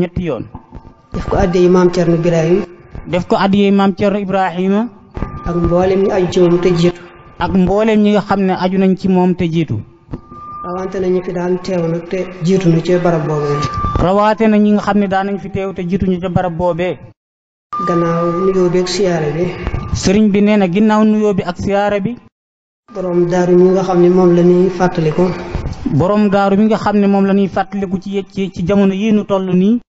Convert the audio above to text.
ñetti yoon. def ko addi yi maam Thierno Ibrahima. def ko addi yi maam Thierno Ibrahima. ak mboolem ñi aju ci moom te jiitu. ak mboolem ñi nga xam ne aju nañ ci moom te jiitu. rawante na ñi fi daan teew nag te jiitu ñu ca barab boobee. rawaate na ñi nga xam ne daan nañ fi teew te jiitu ñu ca barab boobee. gannaaw nuyoo bi siyaare bi. sëriñ bi nee na ginnaaw nuyoo siyaare bi. borom daaru mi nga xam ne moom la ñuy fàttaliku. borom daaru mi nga xam ne moom la ñuy fàttaliku ci ci jamono yii nu toll nii.